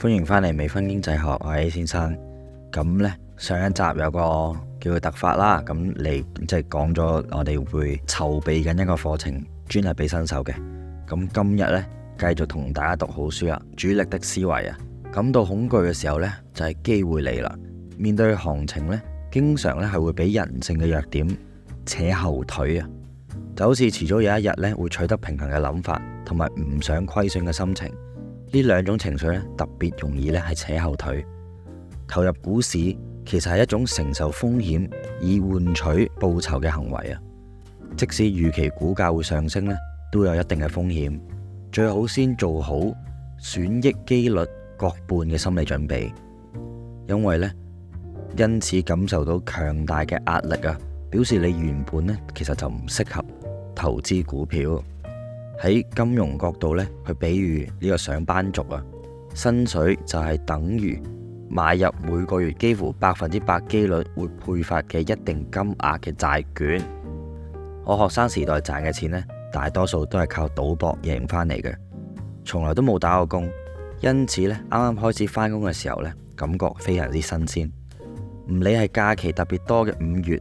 歡迎返嚟《微分經濟學》，喂先生，咁呢，上一集有個叫做特發啦，咁你即係講咗我哋會籌備緊一個課程，專係俾新手嘅。咁今日呢，繼續同大家讀好書啦，《主力的思維》啊，感到恐懼嘅時候呢，就係、是、機會嚟啦。面對行情呢，經常咧係會俾人性嘅弱點扯後腿啊，就好似遲早有一日呢，會取得平衡嘅諗法，同埋唔想虧損嘅心情。呢兩種情緒咧特別容易咧係扯後腿，投入股市其實係一種承受風險以換取報酬嘅行為啊！即使預期股價會上升咧，都有一定嘅風險，最好先做好損益幾率各半嘅心理準備，因為咧因此感受到強大嘅壓力啊，表示你原本咧其實就唔適合投資股票。喺金融角度呢，去比喻呢個上班族啊，薪水就係等於買入每個月幾乎百分之百機率會配發嘅一定金額嘅債券。我學生時代賺嘅錢呢，大多數都係靠賭博贏翻嚟嘅，從來都冇打過工，因此呢，啱啱開始返工嘅時候呢，感覺非常之新鮮。唔理係假期特別多嘅五月，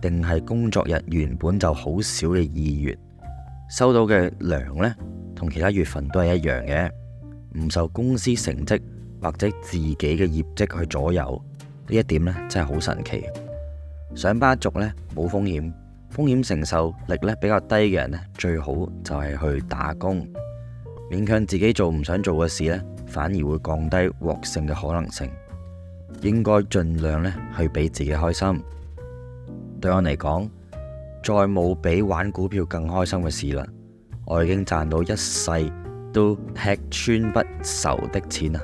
定係工作日原本就好少嘅二月。收到嘅糧呢，同其他月份都係一樣嘅，唔受公司成績或者自己嘅業績去左右。呢一點呢，真係好神奇。上班族呢，冇風險，風險承受力呢比較低嘅人呢，最好就係去打工，勉強自己做唔想做嘅事呢，反而會降低獲勝嘅可能性。應該盡量呢，去俾自己開心。對我嚟講。再冇比玩股票更開心嘅事啦！我已經賺到一世都吃穿不愁的錢啦，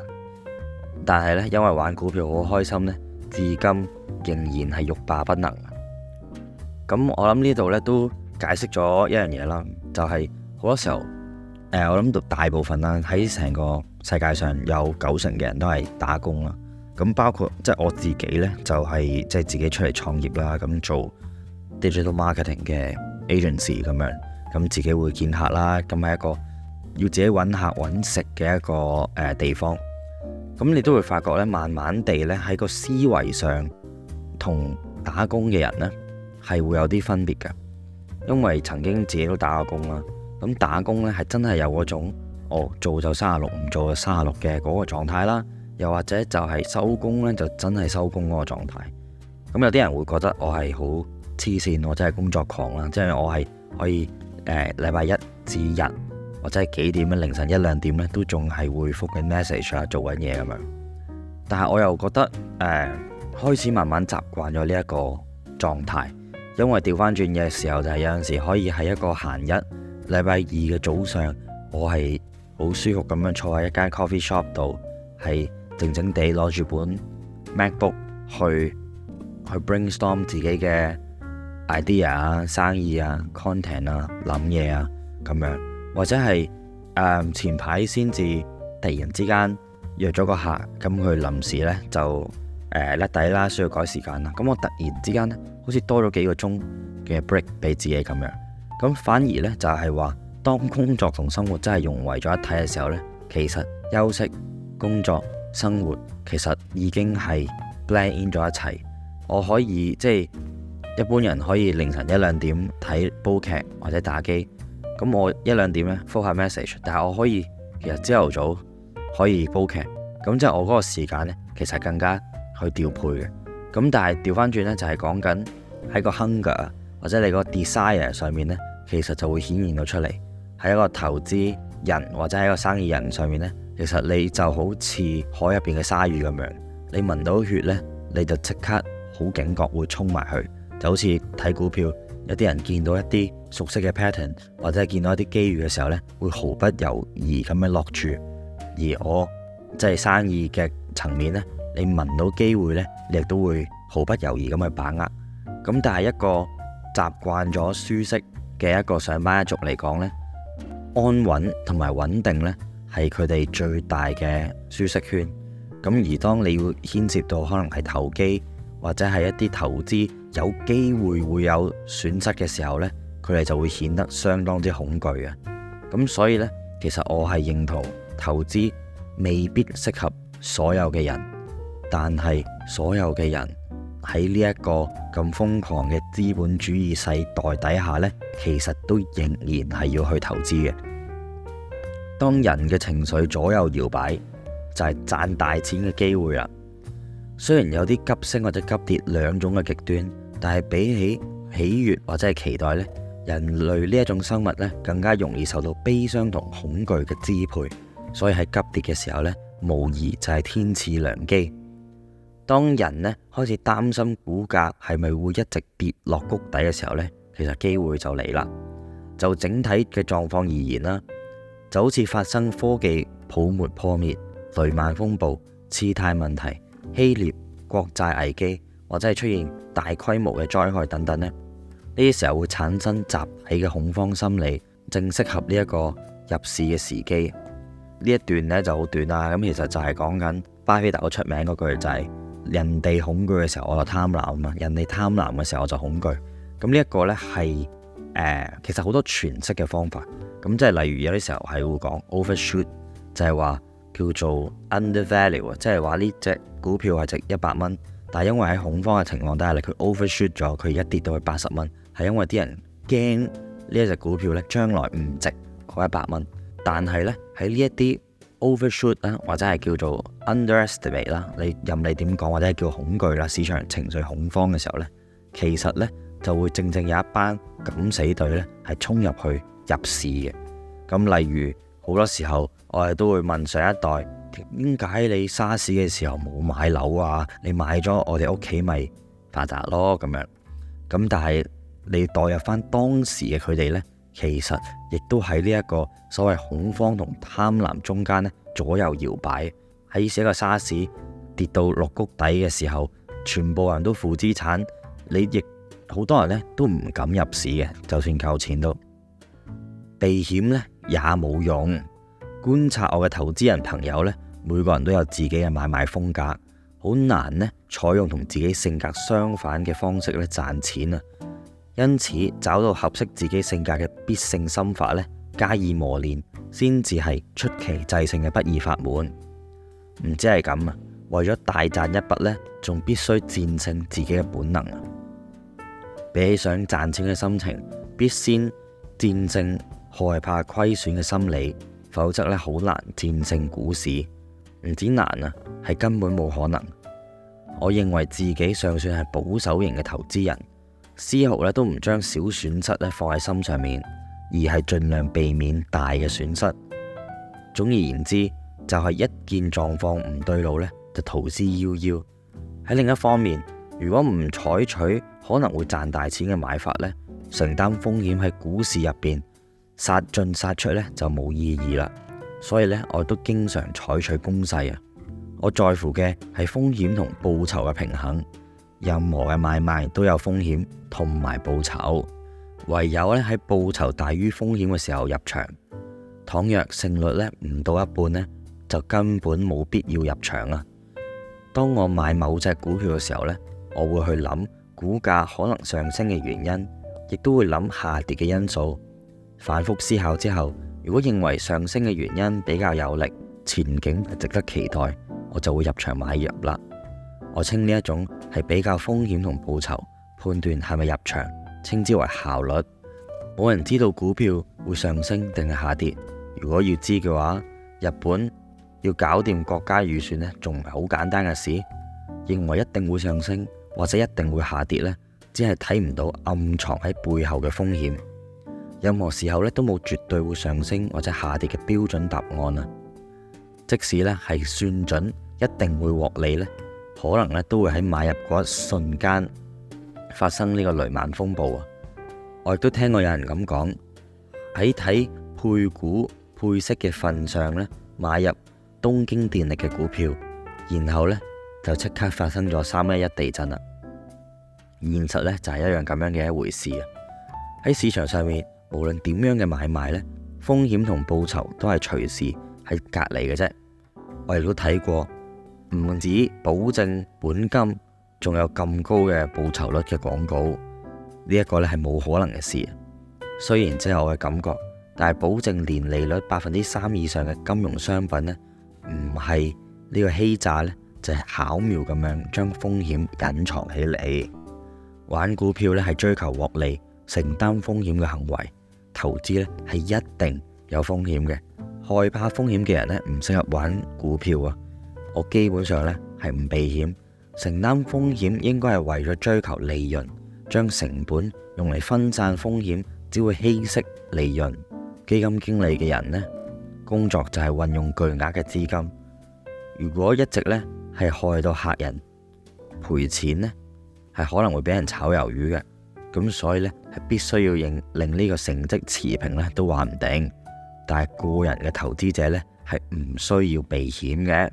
但係呢，因為玩股票好開心呢，至今仍然係欲罷不能。咁我諗呢度呢都解釋咗一樣嘢啦，就係，好多時候我諗到大部分啦，喺成個世界上有九成嘅人都係打工啦。咁包括即係，我自己呢，就係即係自己出嚟創業啦，咁做。Digital marketing 嘅 agency 咁樣，咁自己會見客啦，咁係一個要自己揾客揾食嘅一個誒地方。咁你都會發覺呢，慢慢地呢，喺個思維上同打工嘅人呢係會有啲分別嘅，因為曾經自己都打過工啦。咁打工呢係真係有嗰種，哦做就三十六，唔做就三十六嘅嗰個狀態啦。又或者就係收工呢，就真係收工嗰個狀態。咁有啲人會覺得我係好。黐線，我真係工作狂啦！即係我係可以誒，禮、呃、拜一至日，或者係幾點咧？凌晨一兩點咧，都仲係回覆緊 message 啊，做緊嘢咁樣。但係我又覺得誒、呃，開始慢慢習慣咗呢一個狀態，因為調翻轉嘅時候就係有陣時可以喺一個閒日，禮拜二嘅早上，我係好舒服咁樣坐喺一間 coffee shop 度，係靜靜地攞住本 MacBook 去去 brainstorm 自己嘅 idea 啊、生意啊、content 啊、諗嘢啊咁樣，或者係誒、呃、前排先至突然之間約咗個客，咁佢臨時呢就誒甩、呃、底啦，需要改時間啦。咁我突然之間好似多咗幾個鐘嘅 break 俾自己咁樣，咁反而呢，就係、是、話，當工作同生活真係融為咗一體嘅時候呢，其實休息、工作、生活其實已經係 blend in 咗一齊，我可以即係。一般人可以凌晨一兩點睇煲劇或者打機，咁我一兩點呢，覆下 message。但係我可以其實朝頭早可以煲劇，咁即係我嗰個時間呢，其實更加去調配嘅。咁但係調返轉呢，就係講緊喺個 hunger 或者你個 desire 上面呢，其實就會顯現到出嚟。喺一個投資人或者喺一個生意人上面呢，其實你就好似海入邊嘅鯊魚咁樣，你聞到血呢，你就即刻好警覺，會衝埋去。就好似睇股票，有啲人見到一啲熟悉嘅 pattern，或者係見到一啲機遇嘅時候呢，會毫不猶豫咁樣落注。而我即係、就是、生意嘅層面呢，你聞到機會呢，你亦都會毫不猶豫咁去把握。咁但係一個習慣咗舒適嘅一個上班一族嚟講呢，安穩同埋穩定呢係佢哋最大嘅舒適圈。咁而當你會牽涉到可能係投機或者係一啲投資。有機會會有損失嘅時候呢，佢哋就會顯得相當之恐懼嘅。咁所以呢，其實我係認同投資未必適合所有嘅人，但係所有嘅人喺呢一個咁瘋狂嘅資本主義世代底下呢，其實都仍然係要去投資嘅。當人嘅情緒左右搖擺，就係賺大錢嘅機會啊！雖然有啲急升或者急跌兩種嘅極端。但係比起喜悅或者係期待呢，人類呢一種生物呢更加容易受到悲傷同恐懼嘅支配。所以喺急跌嘅時候呢，無疑就係天賜良機。當人呢開始擔心股價係咪會一直跌落谷底嘅時候呢，其實機會就嚟啦。就整體嘅狀況而言啦，就好似發生科技泡沫破滅、雷曼風暴、次貸問題、希臘、國債危機。或者係出現大規模嘅災害等等咧，呢啲時候會產生集體嘅恐慌心理，正適合呢一個入市嘅時機。呢一段咧就好短啦，咁其實就係講緊巴菲特好出名嗰句就係：人哋恐懼嘅時候，我就貪婪啊，人哋貪婪嘅時候，我就恐懼。咁呢一個呢係誒，其實好多詮釋嘅方法。咁即係例如有啲時候係會講 overshoot，就係話叫做 undervalue，即係話呢隻股票係值一百蚊。但係因為喺恐慌嘅情況底下咧，佢 overshoot 咗，佢而家跌到去八十蚊，係因為啲人驚呢一隻股票咧將來唔值嗰一百蚊。但係咧喺呢一啲 overshoot 啦，或者係叫做 underestimate 啦，你任你點講，或者係叫恐懼啦，市場情緒恐慌嘅時候咧，其實咧就會正正有一班敢死隊咧係衝入去入市嘅。咁例如好多時候我哋都會問上一代。點解你沙士嘅時候冇買樓啊？你買咗我哋屋企咪發達咯咁樣？咁但係你代入翻當時嘅佢哋呢，其實亦都喺呢一個所謂恐慌同貪婪中間呢，左右搖擺。喺呢一個沙士跌到落谷底嘅時候，全部人都負資產，你亦好多人呢都唔敢入市嘅，就算夠錢都避險呢，也冇用。觀察我嘅投資人朋友呢，每個人都有自己嘅買賣風格，好難呢，採用同自己性格相反嘅方式咧賺錢啊。因此，找到合適自己性格嘅必勝心法呢，加以磨練，先至係出奇制勝嘅不二法門。唔知係咁啊，為咗大賺一筆呢，仲必須戰勝自己嘅本能啊。比起想賺錢嘅心情，必先戰勝害怕虧損嘅心理。否則咧，好難戰勝股市，唔止難啊，係根本冇可能。我認為自己尚算係保守型嘅投資人，絲毫咧都唔將小損失咧放喺心上面，而係盡量避免大嘅損失。總而言之，就係一見狀況唔對路呢就逃之夭夭。喺另一方面，如果唔採取可能會賺大錢嘅買法呢，承擔風險喺股市入邊。殺進殺出呢就冇意義啦，所以呢，我都經常採取攻勢啊。我在乎嘅係風險同報酬嘅平衡，任何嘅買賣都有風險同埋報酬，唯有呢喺報酬大於風險嘅時候入場。倘若勝率呢唔到一半呢，就根本冇必要入場啊。當我買某隻股票嘅時候呢，我會去諗股價可能上升嘅原因，亦都會諗下跌嘅因素。反覆思考之後，如果認為上升嘅原因比較有力，前景係值得期待，我就會入場買入啦。我稱呢一種係比較風險同報酬，判斷係咪入場，稱之為效率。冇人知道股票會上升定係下跌。如果要知嘅話，日本要搞掂國家預算呢，仲唔係好簡單嘅事。認為一定會上升或者一定會下跌呢，只係睇唔到暗藏喺背後嘅風險。任何時候咧，都冇絕對會上升或者下跌嘅標準答案啊。即使咧係算準一定會獲利咧，可能咧都會喺買入嗰一瞬間發生呢個雷曼風暴啊。我亦都聽過有人咁講喺睇配股配息嘅份上咧，買入東京電力嘅股票，然後呢就即刻發生咗三一一地震啦。現實呢就係一樣咁樣嘅一回事啊。喺市場上面。無論點樣嘅買賣咧，風險同報酬都係隨時喺隔籬嘅啫。我亦都睇過唔止保證本金，仲有咁高嘅報酬率嘅廣告，呢、呢、一個咧係冇可能嘅事。雖然即係我嘅感覺，但係保證年利率百分之三以上嘅金融商品呢，唔係呢個欺詐呢，就係巧妙咁樣將風險隱藏起嚟。玩股票呢，係追求獲利、承擔風險嘅行為。投資呢係一定有風險嘅，害怕風險嘅人呢，唔適合玩股票啊！我基本上呢係唔避險，承擔風險應該係為咗追求利潤，將成本用嚟分散風險，只會稀釋利潤。基金經理嘅人呢，工作就係運用巨額嘅資金，如果一直呢係害到客人賠錢呢係可能會俾人炒魷魚嘅。咁所以呢，係必須要認令令呢個成績持平呢都話唔定。但係個人嘅投資者呢係唔需要避險嘅。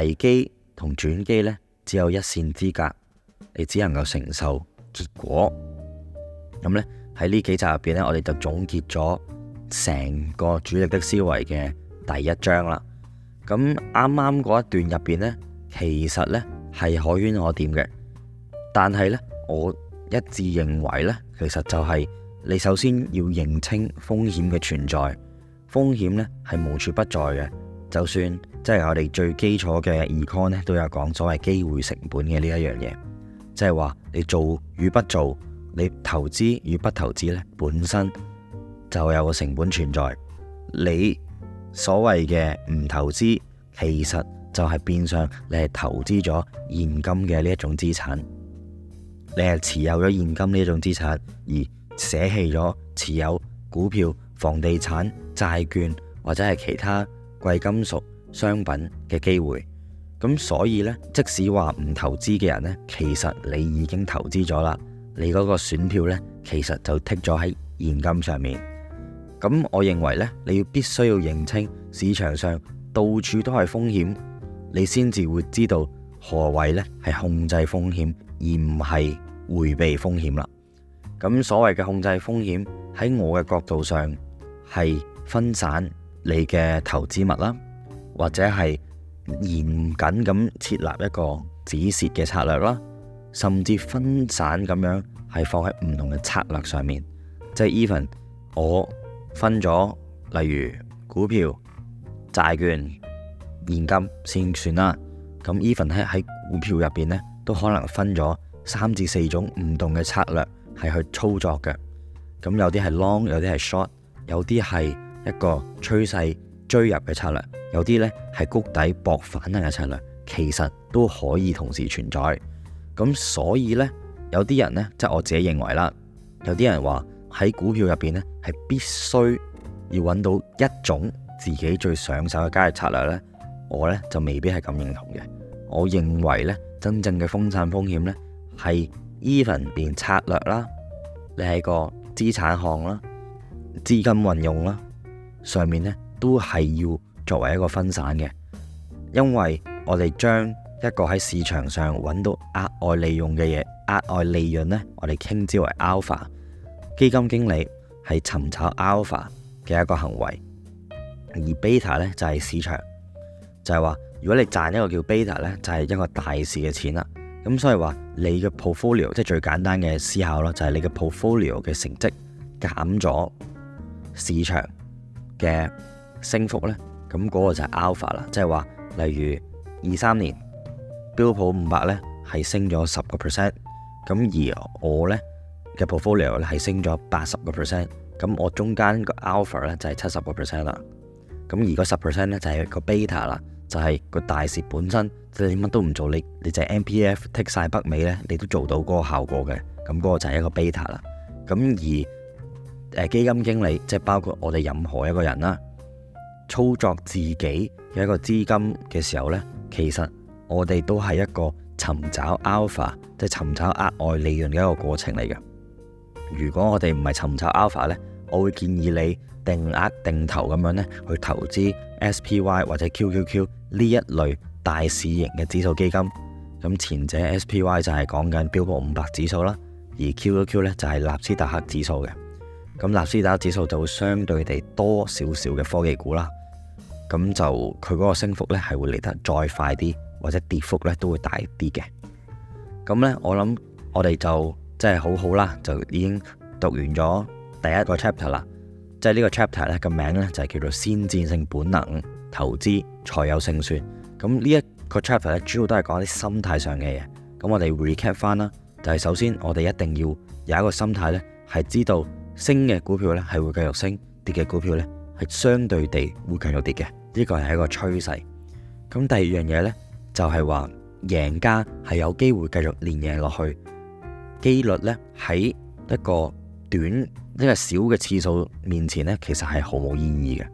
危機同轉機呢，只有一線之隔，你只能夠承受結果。咁呢，喺呢幾集入邊呢，我哋就總結咗成個主力的思維嘅第一章啦。咁啱啱嗰一段入邊呢，其實呢係可圈可點嘅，但係呢，我一致認為呢，其實就係你首先要認清風險嘅存在。風險呢，係無處不在嘅，就算即係我哋最基礎嘅 econ 呢，都有講所謂機會成本嘅呢一樣嘢，即係話你做與不做，你投資與不投資呢，本身就有個成本存在。你所謂嘅唔投資，其實就係變相你係投資咗現金嘅呢一種資產。你係持有咗現金呢一種資產，而捨棄咗持有股票、房地產、債券或者係其他貴金屬商品嘅機會。咁所以呢，即使話唔投資嘅人呢，其實你已經投資咗啦。你嗰個選票呢，其實就剔咗喺現金上面。咁我認為呢，你要必須要認清市場上到處都係風險，你先至會知道何謂呢係控制風險。而唔係迴避風險啦。咁所謂嘅控制風險喺我嘅角度上係分散你嘅投資物啦，或者係嚴謹咁設立一個止蝕嘅策略啦，甚至分散咁樣係放喺唔同嘅策略上面。即係 even 我分咗，例如股票、債券、現金先算啦。咁 even 喺喺股票入邊呢，都可能分咗三至四種唔同嘅策略係去操作嘅，咁有啲係 long，有啲係 short，有啲係一個趨勢追入嘅策略，有啲呢係谷底博反彈嘅策略，其實都可以同時存在。咁所以呢，有啲人呢，即係我自己認為啦，有啲人話喺股票入邊呢係必須要揾到一種自己最上手嘅交易策略呢，我呢就未必係咁認同嘅。我認為呢。真正嘅分散風險呢，係 even 變策略啦，你係個資產項啦、資金運用啦，上面呢都係要作為一個分散嘅，因為我哋將一個喺市場上揾到額外利用嘅嘢、額外利潤呢，我哋稱之為 alpha。基金經理係尋找 alpha 嘅一個行為，而 beta 呢，就係市場，就係話。如果你賺一個叫 beta 咧，就係一個大市嘅錢啦。咁所以話你嘅 portfolio，即係最簡單嘅思考咯，就係、是、你嘅 portfolio 嘅成績減咗市場嘅升幅咧，咁、那、嗰個就係 alpha 啦。即係話，例如二三年標普五百咧係升咗十個 percent，咁而我咧嘅 portfolio 咧係升咗八十個 percent，咁我中間 Al、就是、個 alpha 咧就係七十個 percent 啦。咁而嗰十 percent 咧就係個 beta 啦。就係個大市本身，即係你乜都唔做，你你就係 MPF 剔晒北美呢，你都做到嗰個效果嘅。咁、那、嗰個就係一個 beta 啦。咁而基金經理，即係包括我哋任何一個人啦，操作自己嘅一個資金嘅時候呢，其實我哋都係一個尋找 alpha，即係尋找額外利潤嘅一個過程嚟嘅。如果我哋唔係尋找 alpha 呢，我會建議你定額定投咁樣呢，去投資 SPY 或者 QQQ。呢一類大市型嘅指數基金，咁前者 SPY 就係講緊標普五百指數啦，而 QQQ 呢就係納斯達克指數嘅，咁納斯達克指數就會相對地多少少嘅科技股啦，咁就佢嗰個升幅呢係會嚟得再快啲，或者跌幅呢都會大啲嘅。咁呢，我諗我哋就真係好好啦，就已經讀完咗第一個 chapter 啦，即係呢個 chapter 呢個名呢，就係、是、叫做先戰性本能。投資才有勝算。咁呢一個 chapter 咧，主要都係講啲心態上嘅嘢。咁我哋 recap 返啦，就係首先我哋一定要有一個心態呢係知道升嘅股票呢係會繼續升，跌嘅股票呢係相對地會繼續跌嘅。呢個係一個趨勢。咁第二樣嘢呢，就係話贏家係有機會繼續連贏落去，機率呢喺一個短一個少嘅次數面前呢，其實係毫無意義嘅。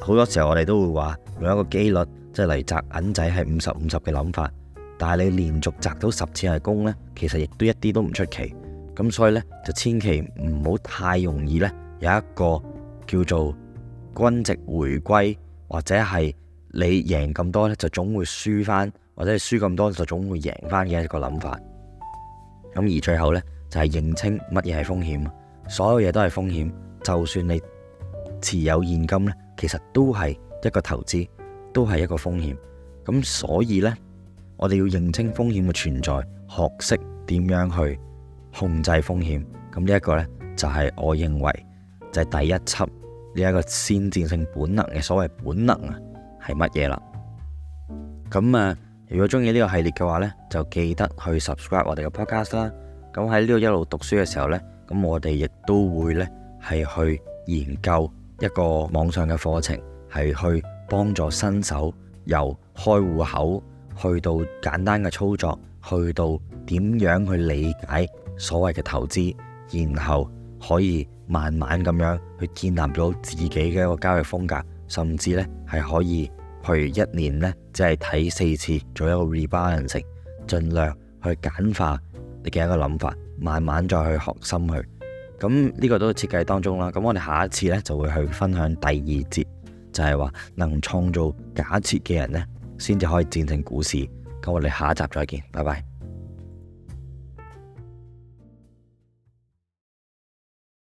好多時候我哋都會話用一個機率，即係嚟摘銀仔係五十五十嘅諗法，但係你連續摘到十次係公呢，其實亦都一啲都唔出奇。咁所以呢，就千祈唔好太容易呢，有一個叫做均值回歸或者係你贏咁多呢，就總會輸翻，或者係輸咁多就總會贏翻嘅一個諗法。咁而最後呢，就係認清乜嘢係風險，所有嘢都係風險，就算你持有現金呢。其實都係一個投資，都係一個風險，咁所以呢，我哋要認清風險嘅存在，學識點樣去控制風險，咁呢一個呢，就係、是、我認為就係第一輯呢一個先戰性本能嘅所謂本能啊係乜嘢啦？咁啊，如果中意呢個系列嘅話呢，就記得去 subscribe 我哋嘅 podcast 啦。咁喺呢度一路讀書嘅時候呢，咁我哋亦都會呢，係去研究。一個網上嘅課程，係去幫助新手由開戶口去到簡單嘅操作，去到點樣去理解所謂嘅投資，然後可以慢慢咁樣去建立咗自己嘅一個交易風格，甚至呢，係可以譬如一年呢，只係睇四次做一個 rebalance 課程，盡量去簡化你嘅一個諗法，慢慢再去學深去。咁呢個都係設計當中啦，咁我哋下一次呢就會去分享第二節，就係話能創造假設嘅人呢，先至可以戰勝股市。咁我哋下一集再見，拜拜。